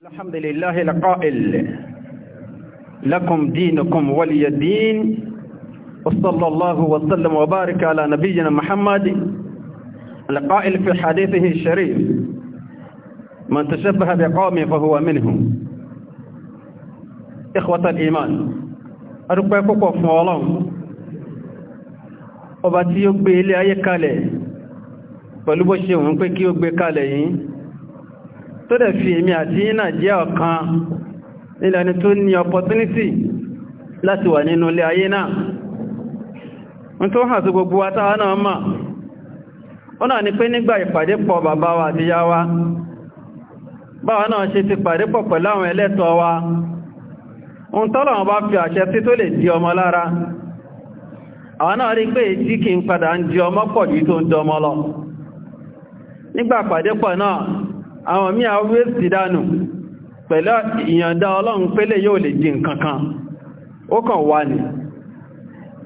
الحمد لله القائل لكم دينكم ولي الدين وصلى الله وسلم وبارك على نبينا محمد القائل في حديثه الشريف من تشبه بقوم فهو منهم إخوة الإيمان أرقبكم فوالله ọba tí ó gbé ilé ayé kalẹ̀ pẹ̀lú bó ṣe òun pé kí ó gbé kalẹ̀ yìí tó dẹ̀ fi èmi àti yínà jẹ́ ọ̀kan nílẹ̀ ni tó ní opportunity láti wà nínú ilé ayé náà n tó hàn sí gbogbo atáwà náà mà ó náà ni pé nígbà ìpàdé pọ̀ bàbá wa àti yá wa báwa náà ṣe ti pàdé pọ̀ pẹ̀lú àwọn ẹlẹ́tọ̀ wa ohun tọ́lọ̀ wọn bá fi àṣẹ sí tó lè di ọmọ lára àwọn náà rí pé tí kí n padà ń di ọmọ pọ̀ jù tó ń di ọmọ lọ nígbà pàdé pọ̀ náà àwọn mí àwọ́ sí dánù pẹ̀lú ìyànda ọlọ́run pélé yóò lè di nǹkan kan ó kàn wà ní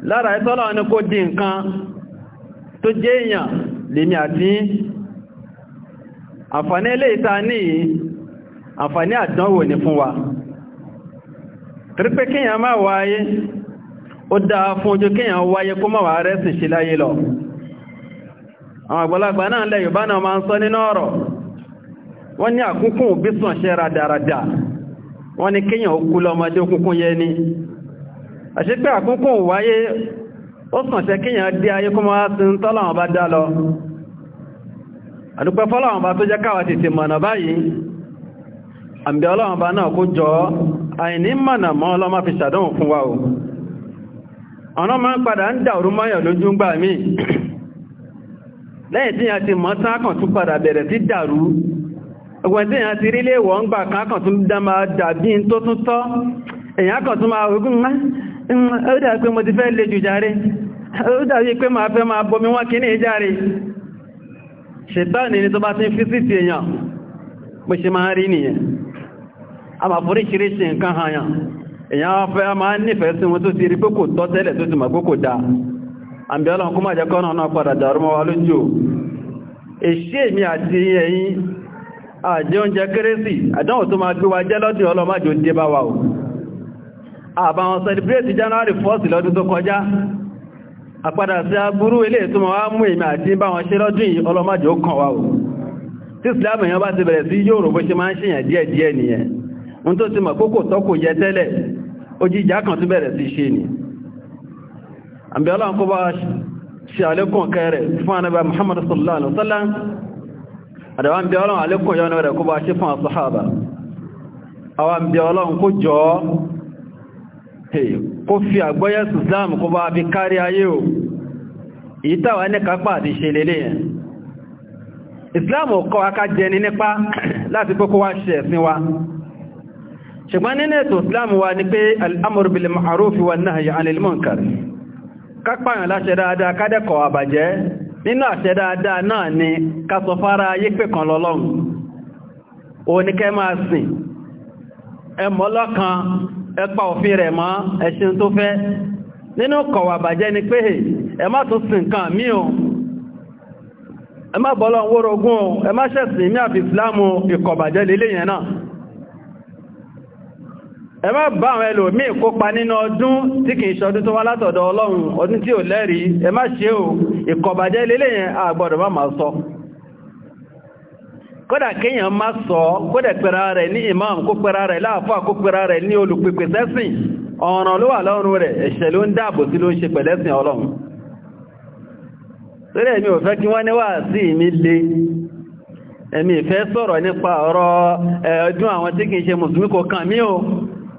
lára ìtọ́lọ́ ní kó di nǹkan tó jẹ́ èèyàn lèmi àti àǹfàní ilé ìta ní àǹfàní àdánwò ní fún wa trípé kíyàn máa wáyé ó dáa fún ojú kíyàn wáyé kó máa wà rẹ́sìn sí láyé lọ àwọn àgbàlagbà náà lẹ́yìn náà máa ń sọ nínú ọ̀rọ̀ wọ́n ní àkúnkún òbí sàn ṣẹ́ radarada wọ́n ní kíyàn okú lọ́mọdé okúnkún yẹ ní àṣẹ pé àkúnkún wáyé ó sàn ṣẹ́ kíyàn dé ayé kó máa sí ń tọ́láwọn bá dá lọ àdúpẹ́ fọ́láwọn bá tó jẹ́ káwà tètè mọ̀nà báyìí àmì ọlọ́wọ́n bá náà kó jọ ọgbẹ̀ntí èyàn ti rí lè wọ́n ń gbà kankan tún dámà dàbí tó tún tọ́ èyàn kan tún máa ogun má mo ti fẹ́ lè jù járe ó máa fẹ́ máa wọ́n kí ní járe ni tó bá ti èyàn ṣe máa rí nìyẹn a máa foríṣiríṣi nǹkan hanyàn èyàn fẹ́ máa nífẹ̀ẹ́ sí wọn tó ti àjẹ́ oúnjẹ kérésì àdánwò tó máa gbé wa jẹ́ lọ́dún ọlọ́májò dé bá wa o àbàwọn celebrate January 1st lọ́dún tó kọjá àpadà sí agbúrú ilé tó máa mú èmì àti báwọn ṣe lọ́dún yìí ọlọ́májò kàn wa o tí Islam èèyàn bá ti bẹ̀rẹ̀ ti àdàwà ń bí ọlọ́run alékùn yọ́nà rẹ̀ kó bá ṣe fún àṣọ́hábà àwọn ń bí ọlọ́run kó jọ kó fi àgbọ́yẹ̀ Islam kó bá fi kárí ayé o èyí tàwà ní kápá àti ṣe yẹn Islam kọ́ aká nípa láti kókó wá ṣe ẹ̀sìn wa ṣùgbọ́n nínú ètò Islam wa ni pé al'amur bil wa nahyi anil munkar kápáyàn láṣẹ dáadáa kádẹ́kọ̀ọ́ àbàjẹ́ nínú àṣẹ dáadáa náà ni ká ayé pé kan lọ́lọ́run o ní kẹ́ máa sìn ẹmọ́ lọ́kan ẹpa òfin rẹ̀ mọ́ ẹṣin tó fẹ́ nínú kọ̀wà bàjẹ́ ni pé ẹ má tún sìn kan mí o ẹ má bọ́lọ́ ń o ẹ má ní àfi ìsìlámù ìkọ̀bàjẹ́ lélẹ́yìn náà ẹ má bá àwọn ẹlòmíì kópa nínú ọdún tí kìí ṣọdún tó wá látọ̀dọ̀ ọlọ́run ọdún tí ò lẹ́rí ẹ má ṣe ò ìkọ̀bàjẹ́ lélẹ́yìn àgbọ̀dọ̀ má máa sọ kódà kéèyàn má sọ kódà pẹ̀rà rẹ̀ ní imam kó pẹ̀rà rẹ̀ láàfáà kó pẹ̀rà rẹ̀ ní olùpèpè sẹ́sìn ọ̀ràn ló wà lọ́rùn rẹ̀ ẹ̀ṣẹ̀ ló ń dáàbò sí ló ń ṣe pẹ̀lẹ́sìn ọlọ́run torí ẹ̀mí ò fẹ́ kí wọ́n ẹ̀mí ìfẹ́ sọ̀rọ̀ nípa ọ̀rọ̀ ẹ̀ọdún àwọn tí kìí ṣe mùsùlùmí kò kàn mí o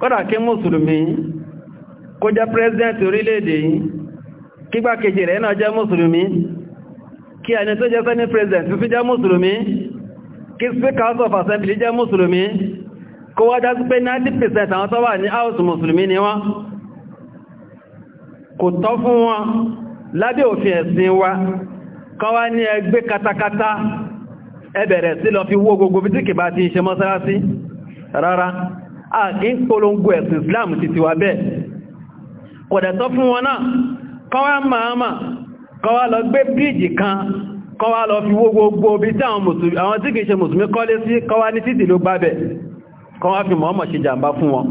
kọ́dà kí mùsùlùmí kó jẹ́ president orílẹ̀-èdè yìí kígbàkejì rẹ̀ náà jẹ́ mùsùlùmí kí ẹni tó jẹ́ sẹ́ni president fífí jẹ́ mùsùlùmí kí speaker house of assembly jẹ́ mùsùlùmí kó wá dá sí pé 90% àwọn tó ní house mùsùlùmí ni wọ́n kò tọ́ fún wọn lábẹ́ òfin ẹ̀sìn wa kan wá ní ẹgbẹ́ katakata ẹbẹ̀rẹ̀ sí lọ fi wó gbogbo bí tí kìbá ti ṣe mọ́sálásí rárá a kí ń polongo Islam ti ti wà bẹ́ẹ̀ kọ̀dẹ̀tọ́ fún wọn náà kọwa máa kọwa lọ gbé bíìjì kan kọwa lọ fi wó gbogbo bí tí àwọn tí kìí ṣe mùsùlùmí kọ́lé sí kọwa ní títì ló gbábẹ̀ kọwa fi mọ́mọ̀ ṣe jàmbá fún wọn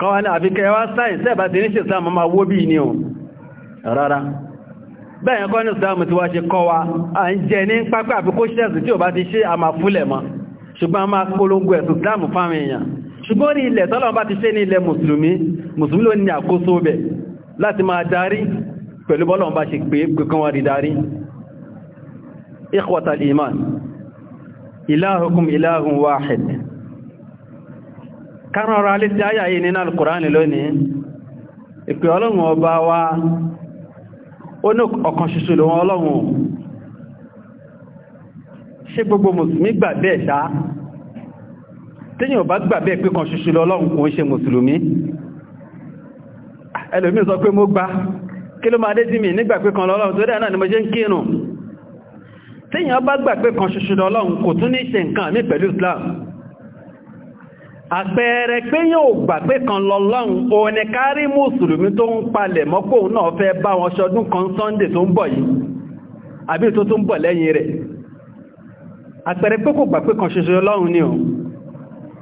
kọwa ní àfikẹ́ wá sáyìn sẹ́bà ti ní ṣe sáà máa wó bí ní polongo ẹ̀sùn ìsìlámù fáwọn ṣùgbọ́n ní ilẹ̀ tọ́lọ̀ bá ti ṣe ní ilẹ̀ mùsùlùmí mùsùlùmí ló ní àkóso bẹ̀ láti máa darí pẹ̀lú bọ́lọ̀ bá ṣe pé kankan wá rí darí ikhwatal iman ilahukum ilahun wahid kárànrà alẹ́ ti ayà yìí nínú alkùránì lónìí ìpè ọlọ́run ọba wa ó ní ọ̀kan ṣoṣo lòun ọlọ́run ṣe téyàn bá gbà bẹ́ẹ̀ pé kan ṣoṣo lọ́lọ́run kò ń ṣe mùsùlùmí ẹlòmí sọ pé mo gbà kí ló máa dé sí mi nígbà pé kan lọ́lọ́run tó dẹ̀ náà ni mo ṣe ń kírun téyàn bá gbà pé kan ṣoṣo lọ́lọ́run kò tún ní ṣe nǹkan mi pẹ̀lú Islam àpẹẹrẹ pé yóò gbà pé kan lọ́lọ́run òní kárí mùsùlùmí tó ń palẹ̀ mọ́pò náà fẹ́ bá wọn ṣọdún kan Sunday tó ń bọ̀ yìí àbí tó tún bọ̀ lẹ́yìn rẹ̀ àpẹẹrẹ pé kò gbà pé kan ṣoṣo lọ́run ni òun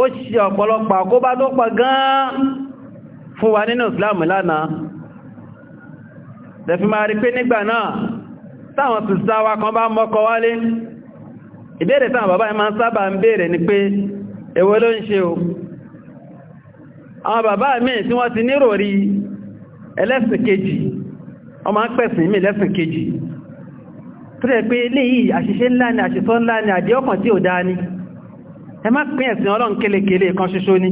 ó ṣe ọ̀pọ̀lọpọ̀ àkóbá tó pọ̀ gan-an fún wa nínú Islam lánàá lẹ́fí máa rí pé nígbà náà táwọn sùsá wa kan bá mọ́kọ wálé ìbéèrè táwọn bàbá ìmá sábà ń béèrè ni pé èwo ló ń ṣe o àwọn bàbá mi tí wọ́n ti ẹ má pín ẹ̀sìn ọlọ́run kélekèlé kan ṣoṣo ní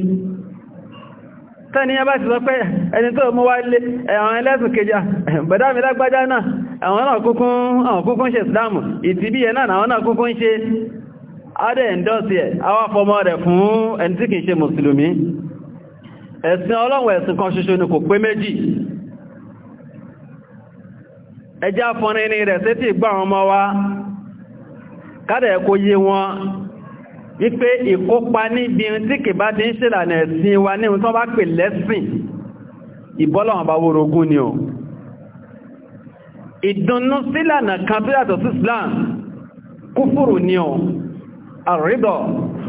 tẹ́ni yẹn bá ti sọ pé ẹni tó mú wá ilé ẹ̀wọ̀n ẹlẹ́sùn kejì bẹ̀dá mi lágbájá náà àwọn náà kúkún ṣe ìsìláàmù ìtìbí ẹ̀ náà àwọn náà kúkún ṣe adẹ́ ẹ̀ndọ́sì ẹ̀ awá fọmọ rẹ̀ fún ẹni tí kìí ṣe mùsùlùmí ẹ̀sìn ọlọ́run ẹ̀sìn kan wípé ìkópa níbi tí kì bá ti ń ṣèlànà ẹ̀sìn wa ní tó bá pè lẹ́sìn ìbọ́lọ̀wọ̀n bá wórogún ni o ìdùnnú sílànà kan tó yàtọ̀ sí Islam kúfùrù ni o àrídọ̀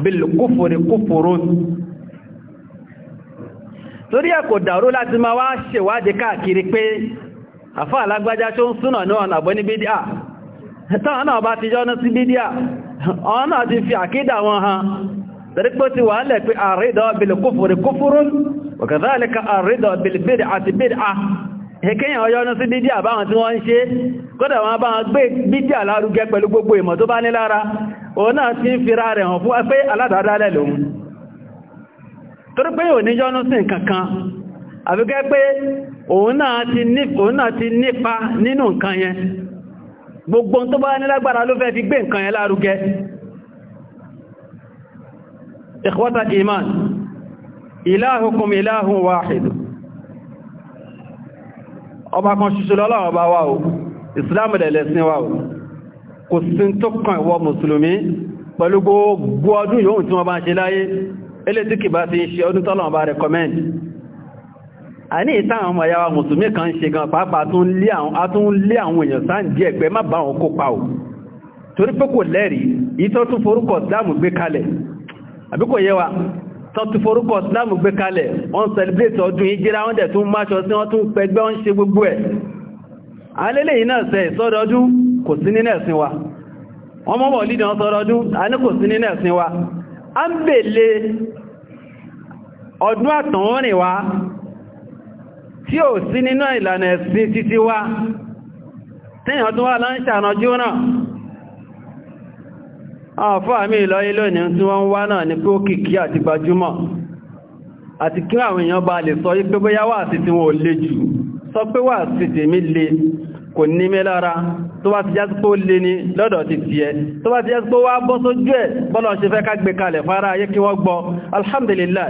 bílù kúfùrù kúfùrù torí ẹ̀ kò dàrú láti máa wá ṣèwádìí káàkiri pé àfáà lágbájá tó ń súnà náà nàbọ́ ní bídíà ẹ̀tàn náà bá ti jọ́ ná sí bídíà àwọn náà ti fi àkídà wọn hàn tẹ́rẹ́pẹ́ ti wà lẹ́ pé àrídọ́ bèèrè kúfùrí kúfùrú wọ̀kàtàlẹ́kà àrídọ́ bèèrè àti bèèrè à ẹkẹ́yàn ọyọ́nú sí dídí àbáwọn tí wọ́n ń ṣe kódà wọn bá wọn gbé dídí alárugẹ pẹ̀lú gbogbo ìmọ̀ tó bá ní lára òun náà ti ń fira rẹ̀ hàn fún pé aládàádálẹ̀ lòun torí pé ò níjọ́nú sí nǹkankan àfikẹ́ pé òun náà ti nípa nínú nǹkan yẹn gbogbo tó bá nílágbára ló fẹ́ fi gbé nǹkan yẹn lárugẹ ikhwata iman ilahukum ilahun wahid ọba kan ṣoṣo lọ́lọ́wọ́ bá wá o ìsìláàmù dẹ̀ lẹ́sìn wá o kò sí tó kàn ìwọ mùsùlùmí pẹ̀lú gbogbo ọdún yóò tí wọ́n bá ń ṣe láyé elétíkì bá ti ṣe ọdún tọ́lọ̀ bá rẹ̀kọ́mẹ́ndì a ní ìtàwọn ọmọ ìyá wa mùsùlùmí kan ṣe gan pàápàá tún lé àwọn èèyàn sáà díẹ̀ pé má bá wọn kópa o torí pé kò lẹ́rí ìtọ́ tún forúkọ ìsìláàmù gbé kalẹ̀ àbí kò yé tún forúkọ ìsìláàmù gbé kalẹ̀ wọ́n celebrate ọdún ìjírá wọ́n dẹ̀ tún máṣọ sí wọ́n tún pẹgbẹ́ wọ́n ṣe gbogbo ẹ̀ alẹ́lẹ́ yìí náà sẹ ìsọ́dọọdún kò sí nínú ọdún àtàwọn rìn wa tí ò sí nínú ìlànà ẹ̀sìn títí wá tíyàn tó wà láńṣà ànájú náà àwọn fún àmì ìlọ́yí lónìí tí wọ́n wá náà ní pé ó kìkí àti gbajúmọ̀ àti kí àwọn èèyàn bá lè sọ wípé bóyá wà sí tí wọ́n lè jù sọ pé wà sí tèmi lè kò ní mi lára tó bá ti já sí pé ó lè ní lọ́dọ̀ ti ti ẹ tó bá ti já sí pé wá bọ́ sójú ẹ̀ bọ́lọ̀ ṣe fẹ́ ká gbé kalẹ̀ fara ayé kí wọ́n gbọ́ alhamdulillah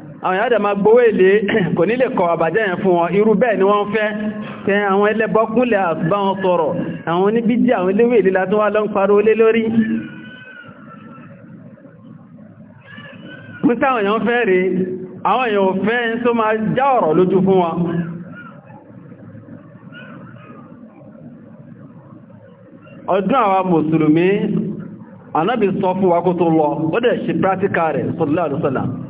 àwọn ìyá dẹ̀mà gbówó èlé kò nílè kọ àbàjẹ́ yẹn fún wọn irú bẹ́ẹ̀ ni wọ́n fẹ́ tẹ àwọn ẹlẹ́bọ́kúnlẹ̀ àbá wọn sọ̀rọ̀ àwọn oníbíjì àwọn eléwé èlé látún wá lọ ń paró lé lórí mú táwọn èèyàn fẹ́ rí àwọn èèyàn fẹ́ ń tó máa já ọ̀rọ̀ lójú fún wọn ọdún àwa mùsùlùmí ànábì sọ fún wa kó tó lọ ó dẹ̀ ṣe prátíkà rẹ̀ sallallahu alaihi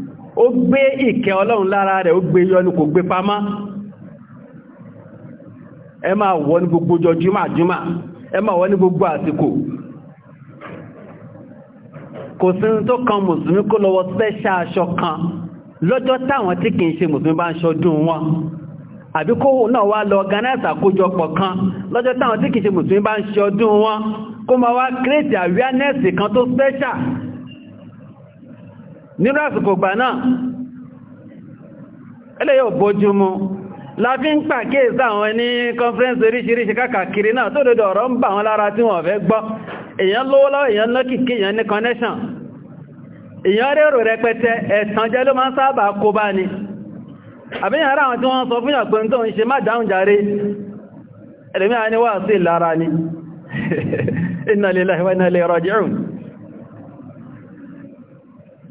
ó gbé ìkẹ́ ọlọ́run lára rẹ̀ ó gbé yọnu kò gbé pamá ẹ máa wọ ní gbogbo ọjọ́ jùmàjúmà ẹ máa wọ ní gbogbo àsìkò kò sí tó kan mùsùlùmí kó lọ́wọ́ sẹ́ṣà aṣọ kan lọ́jọ́ táwọn tí kìí ṣe mùsùlùmí bá ń ṣọdún wọn àbí kó náà wá lọ ọ̀gánáìsì àkójọpọ̀ kan lọ́jọ́ táwọn tí kìí ṣe mùsùlùmí bá ń ṣọdún wọn kó máa wá kírètì awareness kan tó special nínú àsìkò gbà náà ẹlẹ́yọ̀ bójúmú la fi ń pàkíyèsí àwọn ẹni conference oríṣiríṣi kákàkiri náà tó dòdò ọ̀rọ̀ ń bà wọn lára tí wọ́n fẹ́ gbọ́ èyàn lówólọ́ èyàn lọ́kìkí èyàn ní connection èyàn rérò rẹpẹtẹ ẹ̀tàn jẹ́ ló máa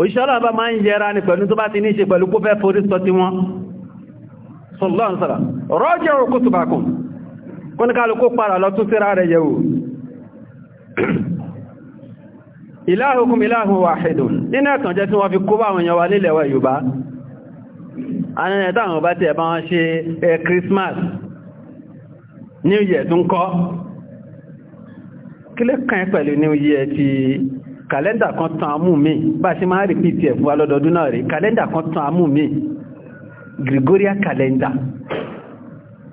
òṣìṣẹ́ ọlọ́ọ̀bá máa ń yẹra ní pẹ̀lú tó bá ti ní ṣe pẹ̀lú kó fẹ́ forí sọ tí wọ́n sọ̀lọ́nsọ̀lá rọ́jẹ́ òkú tùbàkùn kó ní kálukú padà lọ tún síra rẹ̀ yẹ̀wò ìláhùkùn wa nílẹ̀ wa Yorùbá àwọn ẹ̀dá àwọn bá ti ẹ̀bá eh, Christmas New Year tún kọ́ kí lè New Year ti kàlẹ́ndà kan tán àmú mi bá ṣe máa rìpítì ẹ̀ fún wa lọ́dọọdún náà rí kàlẹ́ndà kan tán àmú mi Gregorian calendar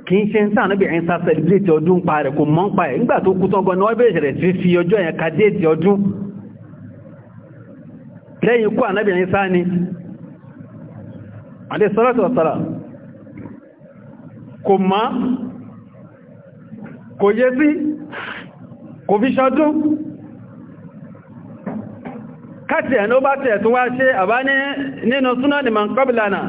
kì í ṣe ń sáà níbi ẹ̀yìn sáà celebrate ọdún pa rẹ̀ kò mọ́ ń pa ẹ̀ nígbà tó kú tán gan ni wọ́n bẹ̀rẹ̀ rẹ̀ sí fi ọjọ́ yẹn ka déètì ọdún lẹ́yìn ikú ànábì sáà ni àdé sọ́rọ̀tì ọ̀sọ̀rọ̀ kò mọ́ kò yé sí kò fi ṣọdún káti ẹ̀ ló bá tẹ̀ tó wá ṣe àbá nínú súnà ni man qablana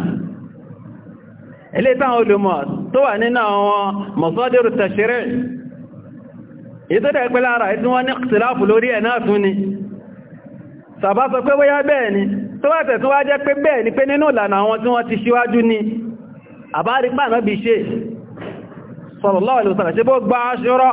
ilé táwọn olùmọ̀ tó wà nínú àwọn masadiru tashri' ìtọ́dẹ̀ pẹ́lá ara ìtí wọ́n ní ikhtilafu lórí ẹ̀ náà tún ni sàbá sọ pé bóyá bẹ́ẹ̀ ni tó wá tẹ̀ tó wá ni pé nínú ìlànà àwọn tí wọ́n ni àbárí pàánà bí ṣe sallallahu alaihi wasallam ṣe bó gbá aṣọ́rọ́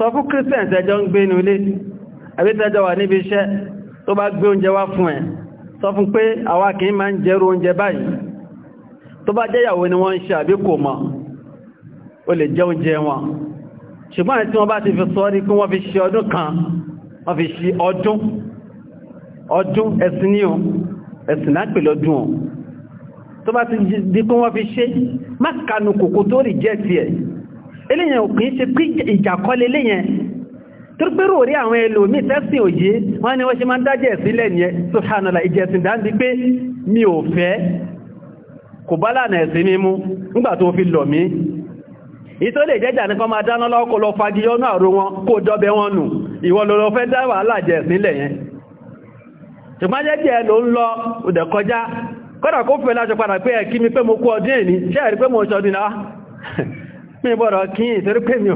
sọ fún christian tẹjọ ń gbé nílé àbí tẹjọ wà níbi iṣẹ́ tó bá gbé oúnjẹ wá fún ẹ sọ fún pé àwa kì í máa ń jẹrú oúnjẹ báyìí tó bá jẹ́yàwó ni wọ́n ń ṣe àbí kò mọ̀ o lè jẹ oúnjẹ wọn ṣùgbọ́n tí wọ́n bá ti fi sọ ní kí wọ́n fi ṣe ọdún kan wọ́n fi ṣe ọdún ọdún ẹ̀sìn ní o ẹ̀sìn náà lọ́dún o tó bá ti di kí wọ́n fi ṣe má kanu kòkó tó rí jẹ́ tiẹ̀ eléyẹn òkè ṣe pé ìjàkọ́lé eléyẹn torípérò orí àwọn ẹlòmí tẹ́sìn òye wọ́n ni wọ́n ṣe máa ń dájẹ̀ sílẹ̀ ní ṣùhánàlá ìjẹsìn dáńdí pé mi ò fẹ́ kò bá lànà ẹ̀sìn mímú nígbà tó fi lọ̀ mí ìtò lè jẹ́jà máa dáná lọ́kọ́ lọ fagiyọ́nú àrò wọn dọ́bẹ wọn nù fẹ́ dá wàhálà sílẹ̀ yẹn ṣùgbọ́n ló ń lọ òdẹ̀ kọjá kọ́dà kó mi gbọ́dọ̀ kí ìtorí pé mi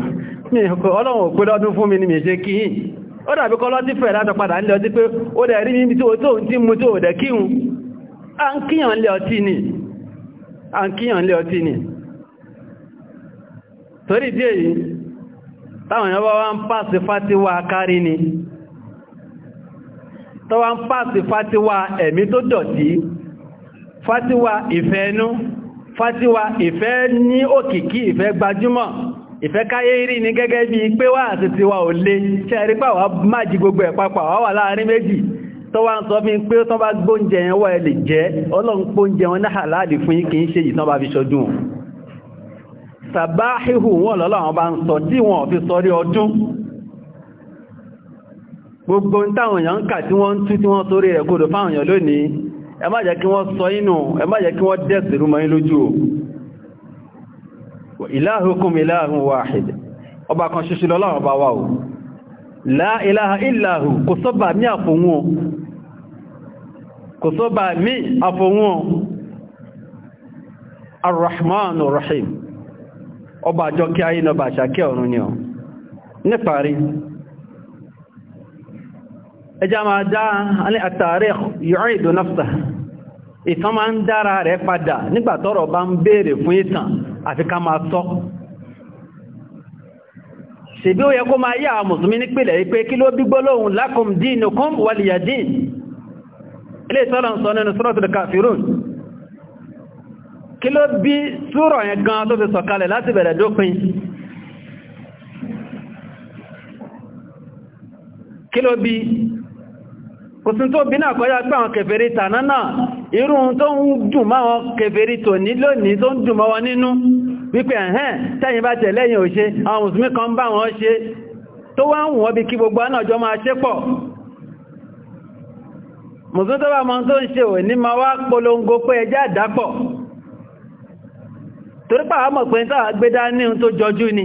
ọlọ́run òpé lọ́dún fún mi ni mi ṣe kí ó dàbí kọ́ lọ́dí fẹ̀ látọ̀ padà nílẹ̀ ọtí pé ó dẹ̀ rí mi tí ó tó ń tí mú tó dẹ̀ kíhun a ń kíyàn ọtí ni a kíyàn ọtí ni torí dí èyí táwọn wá fátíwá ni tó wá ń fátíwá dọ̀tí ìfẹ́ fátíwá ìfẹ́ ní òkìkí ìfẹ́ gbajúmọ̀ ìfẹ́ káyé rí ní gẹ́gẹ́ bí pé wà àti ti wà ò lè ṣe rí pàwà máa jí gbogbo ẹ̀pápà wà wà láàrin méjì tó wá ń sọ bí pé tán bá gbóúnjẹ yẹn wà lè jẹ́ ọlọ́run póúnjẹ wọn náà láàdì ẹ má jẹ́ kí wọ́n sọ inú ẹ má jẹ́ kí wọ́n dẹ̀sìrú mọ́ lójú o ilahukum ilahun wahid ọba kan ṣoṣo lọ́lọ́run ọba wa o la ilaha illahu kò sọ́bà mí àfohun o kò ẹjá máa dá alẹ́ àtàrí yóò ìdó náfsà ìtàn máa ń dára rẹ̀ padà nígbàtọ́rọ̀ bá ń béèrè fún ìtàn àfi ká máa sọ ṣèbí ó yẹ kó máa yá àwọn mùsùlùmí nípìlẹ̀ wípé kí ló bí gbólóhùn lakum dinukum waliyadin ilé ìsọ́lọ̀ ń sọ nínú suratul kafirun kí ló bí súrọ̀ yẹn gan tó fi sọ̀kalẹ̀ láti bẹ̀rẹ̀ dópin kí ló bí kò sí tó bí náà kọjá pé àwọn kèfèrí tàná náà irun to n dùn wọn kèfèrí tò ní lónìí tó ń dùn wọn nínú wípé ẹ̀hẹ́n tẹ́yìn bá tẹ̀ lẹ́yìn ò ṣe àwọn kan bá wọn ṣe tó wá ń wọ́n bí kí gbogbo anájọ́ máa ṣe pọ̀ mùsùlùmí tó bá mọ́ tó ń ṣe ò ní pé ni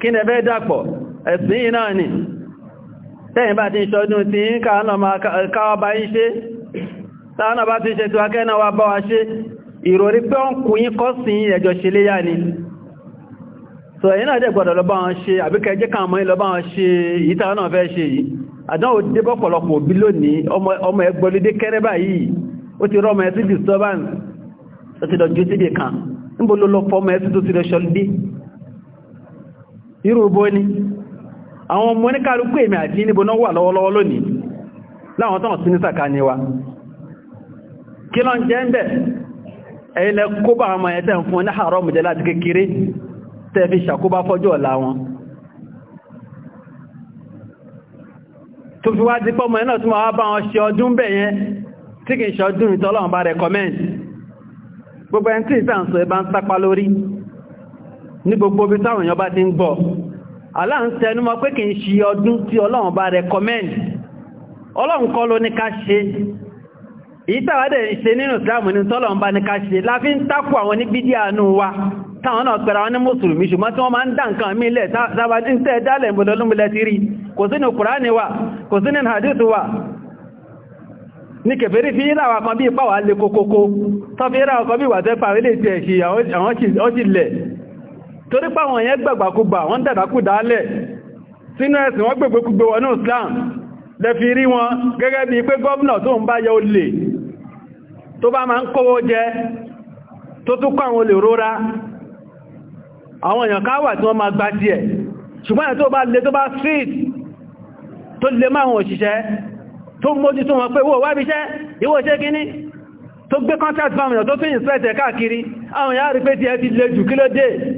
kí ni ẹbẹ́ dàpọ̀ ẹ̀sìn yìí náà ni tẹ́yìn bá ti ṣọdún tí ń káànà ma káwà bá yí ṣe tàànà bá ti ṣe tí wákẹ́nà wa bá wa ṣe ìròrí pé ń kú yí kọ́sìn ẹjọ́ ṣe léyà ni so èyí náà dẹ̀ gbọ́dọ̀ lọ bá wọn ṣe àbíkẹ́jẹ́ kan mọ́ lọ bá wọn ṣe yìí tàà náà fẹ́ ṣe yìí àdánwò dé bọ́pọ̀lọpọ̀ òbí lónìí ọmọ ẹgbọ́lódé kẹ́rẹ́ báyìí ó ti rọ́mọ ẹ sí disturbance ó ti lọ ju síbi kan níbo ló lọ fọ́mọ ẹ sí tó ti lọ ṣọlódé irúbó ní àwọn ọmọ ní èmì àti níbo náà wà lọ́wọ́lọ́wọ́ lónìí láwọn tán sí ní wa kí lọ jẹ́ ń bẹ̀ ẹ̀yìnlẹ̀ kóbá àwọn ẹ̀tẹ́ fún ní àárọ̀ mùjẹ́ láti kékeré ṣàkóbá fọ́jọ́ ọ̀la wọn ti ní gbogbo bí táwọn èèyàn bá ti ń gbọ́ Allah ń tẹnumọ́ pé kì í ṣe ọdún tí ọlọ́run bá recommend ọlọ́run kọ́ ló ní ká ṣe èyí tàwádẹ̀ ṣe nínú ìsìláàmù ní tọ́lọ̀n bá ní ká ṣe láfí ń tákù àwọn ní bídí àánú wa táwọn náà pẹ̀rẹ̀ àwọn ní mùsùlùmí ṣùgbọ́n tí wọ́n máa ń dá nǹkan mílẹ̀ sábàdí ń tẹ́ dálẹ̀ ìbòdólúmùlẹ̀ ti rí kò sínú kùránì wa kò sínú hadith wa ní kẹfẹ́rí fi ìrà àwọn bí ipá lè kókókó tọ́ fi ìrà àwọn kan bí wà tẹ́pà ilé ìtẹ̀ àwọn ṣìlẹ̀ torí pàwọn yẹn gbàgbàkúgbà wọ́n dàdàkúdà alẹ̀ sínú ẹ̀sìn wọ́n gbẹ̀gbẹ̀kúgbẹ̀ wọn ní Islam fi rí wọn gẹ́gẹ́ bí pé gọ́ọ̀nà tó ń bá yẹ olè tó bá ma ń kówó jẹ tó tún kọ́ àwọn olè rórá àwọn èèyàn káwà tí wọ́n gbá ṣùgbọ́n tó máa wọn òṣìṣẹ́ tó mójú tó wọn pé wọ́n wá bíṣẹ́ contract èèyàn tó ìsẹ́ẹ̀tẹ̀ káàkiri àwọn rí pé tí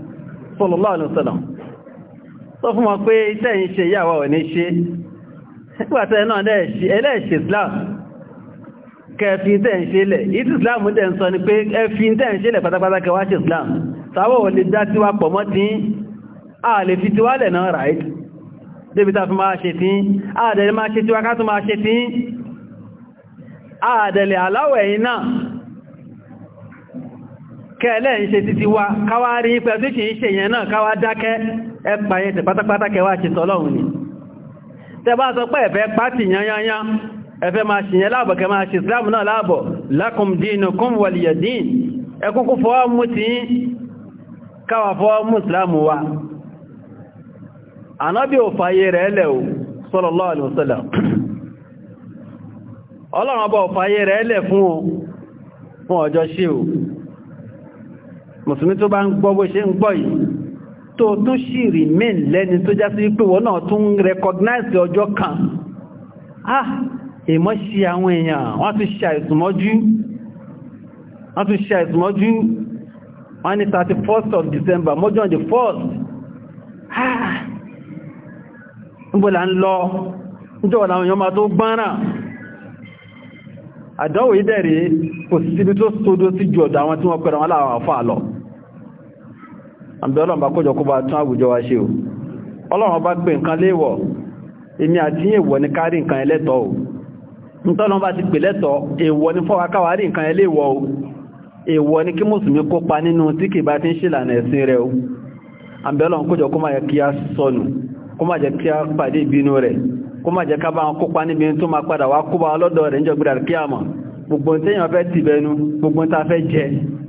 sallallahu alaihi wasallam sọ fún wọn pé iṣẹ́ yìí ṣe yàwó ò ní ṣe nígbàtẹ́ náà ẹlẹ́ẹ̀ṣẹ̀ islam kẹfin tẹ́ ń ṣe lẹ̀ ìtì islam tẹ́ ń sọ ni pé ẹfin tẹ́ ń ṣe lẹ̀ pátápátá kẹwàá ṣe islam sáwọ́ ò lè dá tíwá pọ̀ mọ́ tí a lè fi tíwá lẹ̀ náà ráìtì tá fi máa ṣe tí ààdẹ̀lẹ̀ máa ṣe tíwá ká tún máa ṣe tí kẹ́ẹ̀lẹ́ ń ṣe títí wa káwá rí pẹ̀ tó ṣe ṣe yẹn náà káwá dákẹ́ ẹpa yẹn tẹ̀ pátápátá kẹwàá ṣe tọ́lọ́run ni tẹbá sọ pé ẹ̀fẹ́ pàtì yányányá ẹ̀fẹ́ máa ṣìyẹn láàbọ̀ kẹ máa ṣe Islam náà láàbọ̀ lakum wa o ọlọ́run ọba ò fàyè rẹ̀ lẹ̀ fún ọjọ́ ṣe o mùsùlùmí tó bá ń gbọ́ bó ṣe ń gbọ́ yìí tó tún sì rí main lẹ́ni tó já sí pé wọ́n náà tún recognize ọjọ́ kan ah èmọ́ sí àwọn èèyàn wọ́n tún ṣe àìsùmọ́jú wọ́n tún ṣe àìsùmọ́jú wọ́n ní 31st of December mọ́jọ́ the 1st ah níbòlà ń lọ níjọ́wọ̀ làwọn èèyàn máa tó gbọ́nà àdánwò ìdẹ̀rẹ̀ kò sí ibi tó sódó sí jù ọ̀dọ̀ àwọn tí wọ́n pẹ̀rọ wọn láwọn àfáà lọ àbẹ́ọ̀lọ́mà kójọ kó bá tún àwùjọ wa ṣe o ọlọ́run bá pè nǹkan léèwọ̀ èmi àti èèwọ̀ ní kárí nǹkan ẹlẹ́tọ̀ o nítọ́lọ́n bá ti pè lẹ́tọ̀ èèwọ̀ ní fọ́wà káwàrí nǹkan ẹlẹ́wọ̀ o èèwọ̀ ní kí mùsùlùmí kópa nínú tí kì bá ti ń ṣìlànà ẹ̀sìn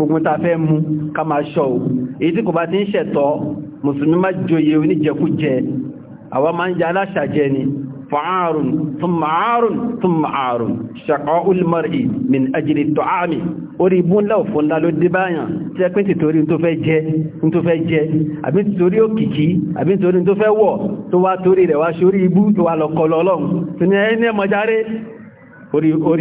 gbogbo ta fẹ́ mú ká máa ṣọ́ o èyí tí kò bá ti ń ṣẹ̀tọ́ mùsùlùmí má joyè oníjẹkújẹ àwa máa ń jẹ aláṣàjẹ ni fa'arun thumma arun thumma arun shaqa'ul mar'i min ajli ta'ami orí ibun la ofun la ló dé bayan tí ẹ pé ti torí tó fẹ́ jẹ tó fẹ́ jẹ àbí ti torí òkìkí àbí torí tó fẹ́ wọ̀ tó wá torí rẹ̀ wá sórí ibú tó wá lọ